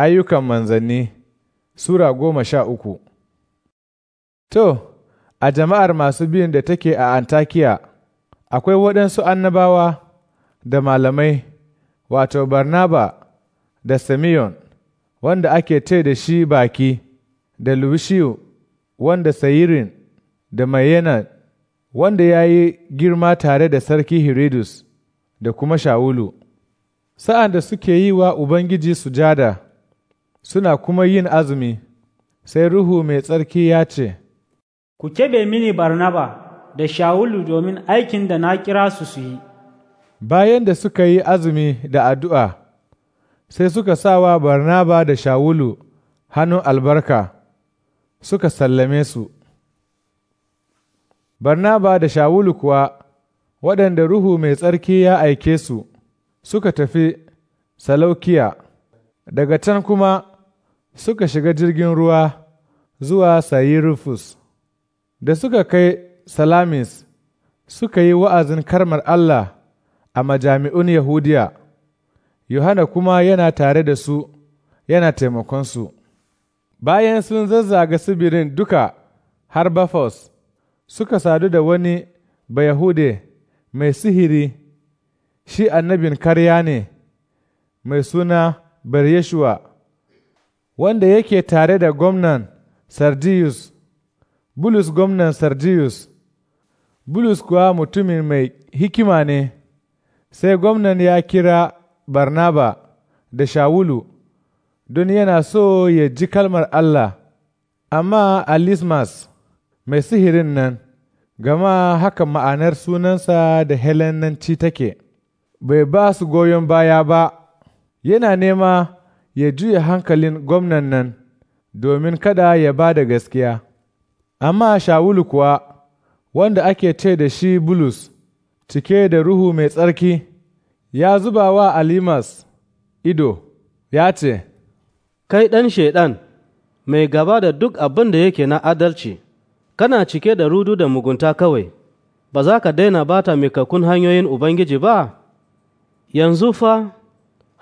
Ayyukan manzanni Sura goma sha uku To, a jama'ar masu biyun da take a Antakiya, akwai waɗansu annabawa da malamai, wato Barnaba da Simeon, wanda ake te da shi baki, da Lushiyu, wanda Sayirin, da Mayena, wanda ya yi girma tare da Sarki Hiridus da kuma Shawulu. Sa'an da suke yi wa Ubangiji sujada. suna kuma yin azumi, sai Ruhu mai tsarki ya ce, Ku kebe mini Barnaba da Shawulu domin aikin da na kira su su yi. Bayan da suka yi azumi da addu'a, sai suka sawa Barnaba da Shawulu hannun albarka, suka sallame su. Barnaba da Shawulu kuwa, waɗanda Ruhu mai tsarki ya aike su, suka tafi Salaukiya, daga can kuma suka shiga jirgin ruwa zuwa Sayirufus, da suka kai Salamis suka yi wa'azin karmar Allah a majami'un Yahudiya, Yohana kuma yana tare da su yana taimakonsu. Bayan sun zazzaga sibirin duka har Bafos, suka sadu da wani Bayahude mai sihiri, shi annabin karya ne, mai suna Bar Yeshua. wanda yake tare da gwamnan Sardius, Bulus gwamnan Sardius, Bulus kuwa mutumin mai hikima ne, sai gwamnan ya kira Barnaba da Shawulu don yana so ya ji kalmar Allah, amma Alismas mai sihirin nan, gama haka ma'anar sunansa da helen Helenanci take, bai ba su goyon baya ba, yana nema ya juya hankalin gwamnan nan domin kada ya ba da gaskiya. Amma Shawulu kuwa, wanda ake ce da shi Bulus, cike da Ruhu mai tsarki, ya zuba wa Alimas ido, ya ce, Kai ɗan Shaiɗan, mai gaba da duk abin da yake na adalci, kana cike da rudu da mugunta kawai, ba za ka daina bata mikakkun hanyoyin Ubangiji ba? Yanzu fa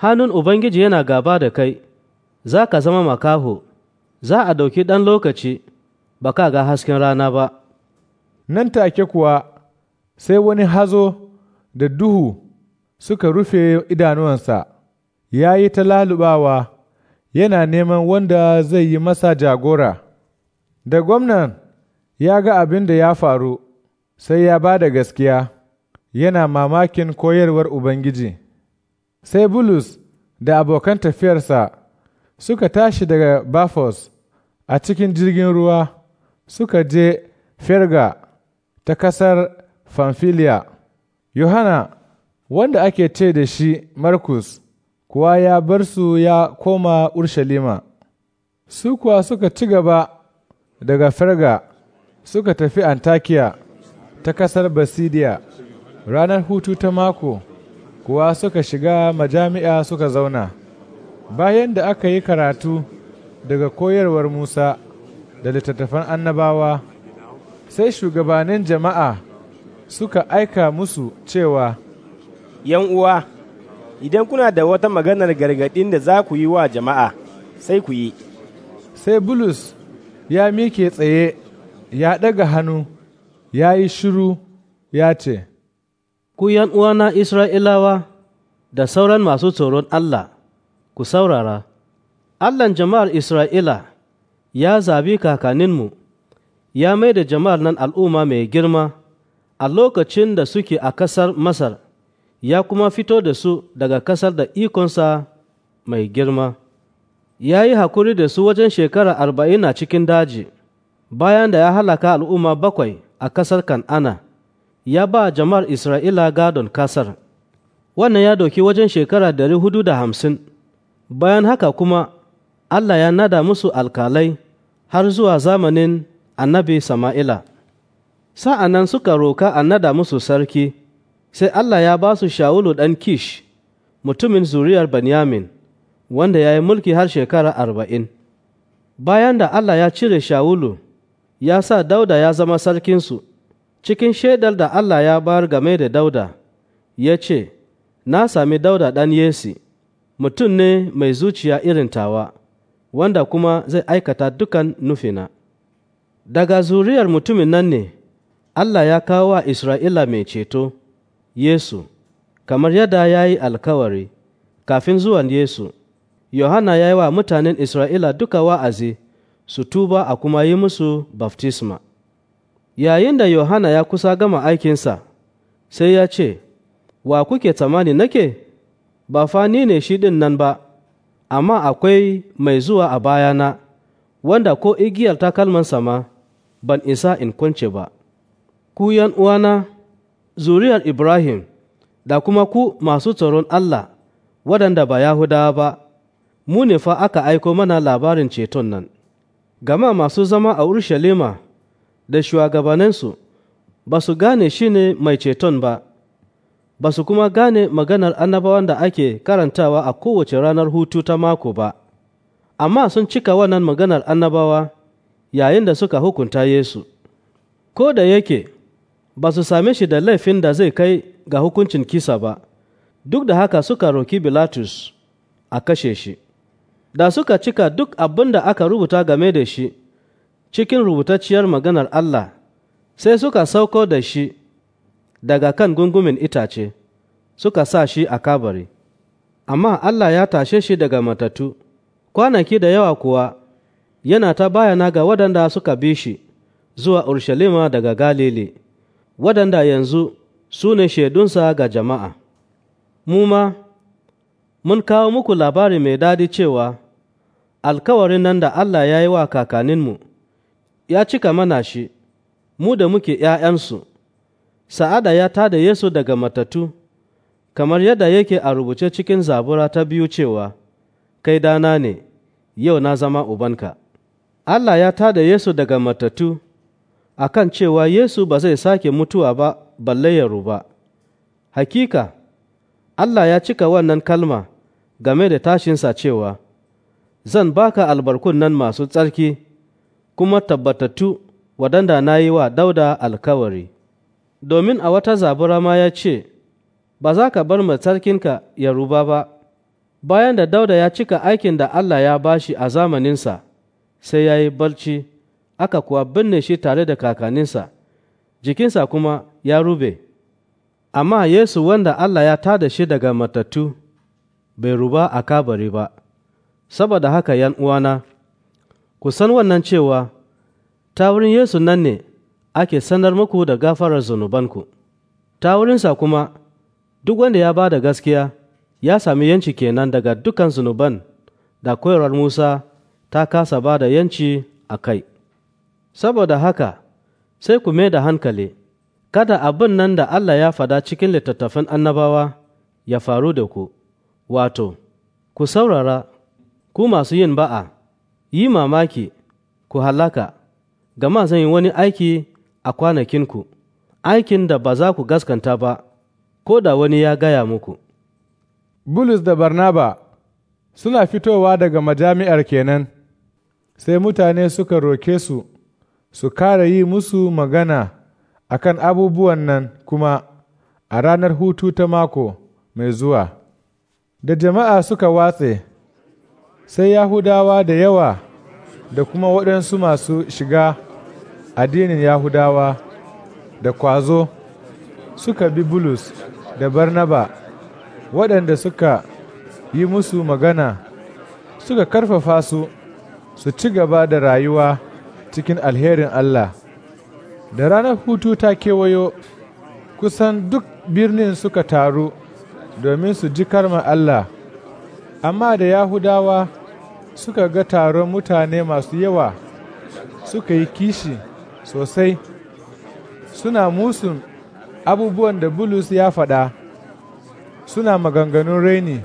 hannun Ubangiji yana gaba da kai, za ka zama makaho, za a ɗauki ɗan lokaci ba ka ga hasken rana ba. Nan take kuwa sai wani hazo da duhu suka rufe idanuwansa, ya yi ta lalubawa yana neman wanda zai yi masa jagora. Da gwamnan ya ga abin da ya faru, sai ya ba da gaskiya, yana mamakin koyarwar Ubangiji. sai Bulus da abokan tafiyarsa suka tashi daga Bafos a cikin jirgin ruwa suka je Ferga ta ƙasar Famfiliya. Yohana, wanda ake ce da shi Markus, kuwa ya bar su ya koma Urshalima. Su kuwa suka ci gaba daga Ferga suka tafi Antakiya ta ƙasar Basidiya ranar hutu ta mako. kuwa suka shiga majami'a suka zauna. Bayan da aka yi karatu daga koyarwar Musa da littattafan annabawa, sai shugabanin jama'a suka aika musu cewa, ‘Yan uwa, idan kuna da wata maganar gargaɗin da za ku yi wa jama'a, sai ku yi. Sai Bulus ya mike tsaye, ya ɗaga hannu, ya yi shiru, ya ce, ku uwana Isra'ilawa da sauran masu tsoron Allah, ku saurara, Allahn jama'ar Isra'ila ya zabi kakaninmu, ya mai da jama'ar nan al'umma mai girma a lokacin da suke a ƙasar Masar, ya kuma fito da su daga ƙasar da ikonsa mai girma. Ya yi hakuri da su wajen shekara arba'in a cikin daji, bayan da ya halaka al'umma bakwai a ƙasar Kan'ana. ya ba jama'ar Isra'ila gadon kasar, wannan ya doki wajen shekara dari hudu da hamsin, bayan haka kuma Allah ya nada musu alkalai har zuwa zamanin annabi Sama'ila. Sa'an nan suka roka a nada musu sarki, sai Allah ya ba su Shawulu ɗan Kish, mutumin zuriyar Benyamin, wanda ya yi mulki har shekara arba'in. Bayan da Allah ya cire Shawulu, ya sa Dauda ya zama sarkinsu. cikin shaidar da Allah ya bar game da dauda ya ce na sami dauda ɗan yesi mutum ne mai zuciya irin tawa wanda kuma zai aikata dukan nufina daga zuriyar mutumin nan ne Allah ya kawo wa Isra'ila mai ceto Yesu kamar yadda ya yi alkawari kafin zuwan Yesu Yohana ya yi wa mutanen Isra'ila duka wa'azi su tuba a kuma yi musu baftisma. yayin da Yohana ya kusa gama aikinsa, sai ya ce, Wa kuke tsammani nake, ba fa ni ne shi ɗin nan ba, amma akwai mai zuwa a bayana, wanda ko igiyar takalmansa ma ban isa in kunce ba. Ku yan uwana, zuriyar Ibrahim, da kuma ku masu tsoron Allah, waɗanda ba Yahudawa ba, mu ne fa aka aiko mana labarin ceton nan. Gama masu zama a Urushalima da shugabanninsu ba su gane shi ne mai ceton ba, ba su kuma gane maganar annabawan da ake karantawa a kowace ranar hutu ta mako ba, amma sun cika wannan maganar annabawa yayin da suka hukunta Yesu. Ko da yake ba su same shi da laifin da zai kai ga hukuncin kisa ba, duk da haka suka roki Bilatus a kashe shi, da suka cika duk abin da aka rubuta game da shi. cikin rubutacciyar maganar Allah sai suka sauko da shi daga kan gungumin itace suka sa shi a kabari amma Allah ya tashe shi daga matattu kwanaki da yawa kuwa yana ta bayana ga waɗanda suka bi shi zuwa Urshalima daga Galili waɗanda yanzu su ne shaidunsa ga jama'a mu ma mun kawo muku labari mai daɗi cewa alkawarin nan da Allah ya yi wa kakaninmu ya cika mana shi, mu da muke ’ya'yansu, sa'ada ya tada Yesu daga matattu, kamar yadda yake a rubuce cikin zabura ta biyu cewa, Kai dana ne, yau na zama ubanka. Allah ya tada Yesu daga matattu a kan cewa Yesu ba zai sake mutuwa ba balle ya ruba. Hakika, Allah ya cika wannan kalma game da tashinsa cewa, Zan baka albarkun nan masu tsarki. kuma tabbatattu waɗanda na yi wa dauda alkawari domin a wata zabura ma ya ce ba za ka bar sarkinka ya ruba ba bayan da dauda ya cika aikin da allah ya bashi a zamaninsa sai ya yi barci aka kuwa binne shi tare da kakaninsa jikinsa kuma ya rube amma yesu wanda allah ya tada shi daga matattu bai ruba a kabari ba saboda haka yan uwana ku san wannan cewa ta wurin Yesu nan ne ake sanar muku da gafarar zunubanku, ta wurinsa kuma duk wanda ya ba da gaskiya ya sami yanci kenan daga dukan zunuban da koyarwar Musa ta kasa ba da yanci a kai. Saboda haka sai ku da hankali, kada abin nan da Allah ya fada cikin littattafan annabawa ya faru da ku, wato, ku saurara, ku masu yin ba'a. yi mamaki ku halaka, gama zan yi wani aiki a kwanakinku, aikin da ba za ku gaskanta ba, ko da wani ya gaya muku. Bulus da Barnaba suna fitowa daga majami'ar kenan, sai mutane suka roke su, su kara yi musu magana a kan abubuwan nan kuma a ranar hutu ta mako mai zuwa. Da jama'a suka watse. sai Yahudawa da yawa da kuma waɗansu masu shiga addinin Yahudawa da kwazo suka bi Bulus da Barnaba waɗanda suka yi musu magana suka karfafa su su ci gaba da rayuwa cikin alherin Allah. Da ranar hutu ta kewayo kusan duk birnin suka taru domin su ji karma Allah, amma da Yahudawa suka ga taron mutane masu yawa suka yi kishi sosai suna musun abubuwan da bulus ya faɗa suna maganganun raini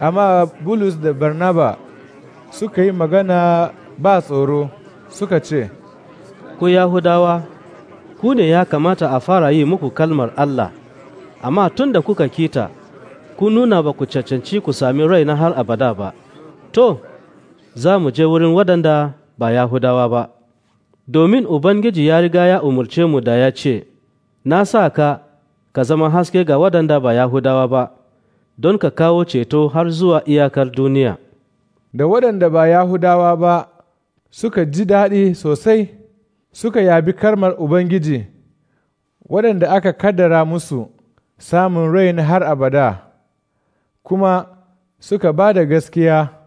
amma bulus da barnaba suka yi magana ba tsoro suka ce ku yahudawa ku ne ya kamata a fara yi muku kalmar allah amma tun da kuka kita ku nuna ba ku cancanci ku sami rai na har abada ba to za mu je wurin waɗanda ba Yahudawa ba, domin Ubangiji ya riga ya umarce mu da ya ce, Na sa ka, ka zama haske ga waɗanda ba Yahudawa ba, don ka kawo ceto har zuwa iyakar duniya. Da waɗanda ba Yahudawa ba suka ji daɗi sosai, suka yabi karmar Ubangiji, waɗanda aka kaddara musu samun rain har abada, kuma suka ba da gaskiya.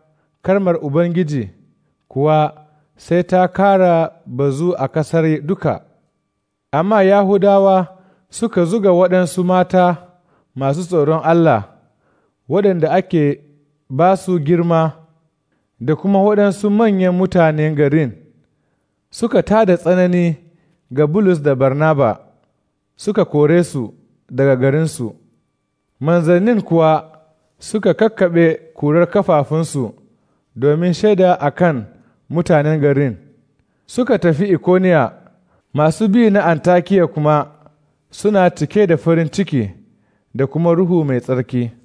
Karmar Ubangiji kuwa sai ta kara bazu a ƙasar duka, amma Yahudawa suka zuga waɗansu mata masu tsoron Allah waɗanda ake ba su girma da kuma waɗansu manyan mutanen garin suka tada tsanani ga Bulus da Barnaba suka kore su daga garinsu, manzannin kuwa suka kakkaɓe kurar kafafunsu. domin shaida a kan mutanen garin, suka tafi Ikoniya, masu bi na Antakiya kuma suna cike da farin ciki da kuma ruhu mai tsarki.